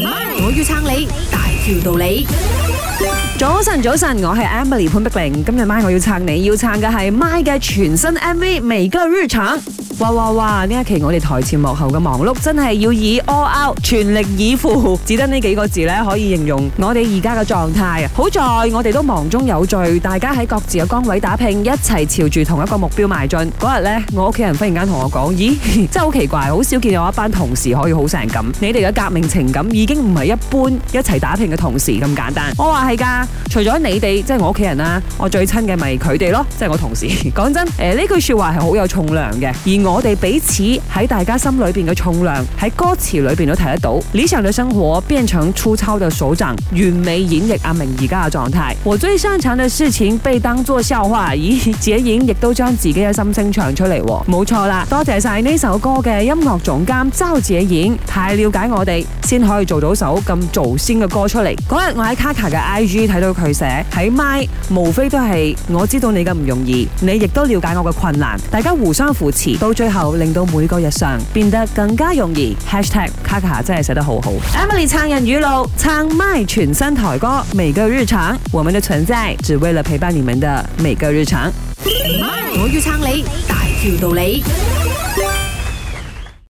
My，我要撐你，大條道理。早晨，早晨，我係 Emily 潘碧玲。今日晚我要撐你，要撐嘅係 My 嘅全新 MV 每個日常。哇哇哇！呢一期我哋台前幕後嘅忙碌，真係要以 all out 全力以赴，只得呢幾個字呢，可以形容我哋而家嘅狀態。好在我哋都忙中有聚，大家喺各自嘅崗位打拼，一齊朝住同一個目標邁進。嗰日呢，我屋企人忽然間同我講：咦， 真係好奇怪，好少見到我一班同事可以好成咁。你哋嘅革命情感已經唔係一般一齊打拼嘅同事咁簡單。我話係噶，除咗你哋，即係我屋企人啦，我最親嘅咪佢哋咯，即係我同事。講真，誒呢句說話係好有重量嘅，而我。我哋彼此喺大家心裏邊嘅重量，喺歌詞裏邊都睇得到。理想嘅生活，變成粗糙嘅手掌，完美演繹阿明而家嘅狀態。我最擅長嘅事情被當作笑話，咦，自己演亦都將自己嘅心聲唱出嚟，哦。冇錯啦，多謝晒呢首歌嘅音樂總監周自己演，太了解我哋，先可以做到首咁走心嘅歌出嚟。嗰日我喺卡卡嘅 IG 睇到佢寫喺 MY，在 My, 無非都係我知道你嘅唔容易，你亦都了解我嘅困難，大家互相扶持，最後令到每個日常變得更加容易。hashtag 卡卡真係寫得好好。Emily 撐人語錄，撐 MY 全新台歌，每個日常，我們的存在只為了陪伴你們的每個日常。我要撐你，大條道理。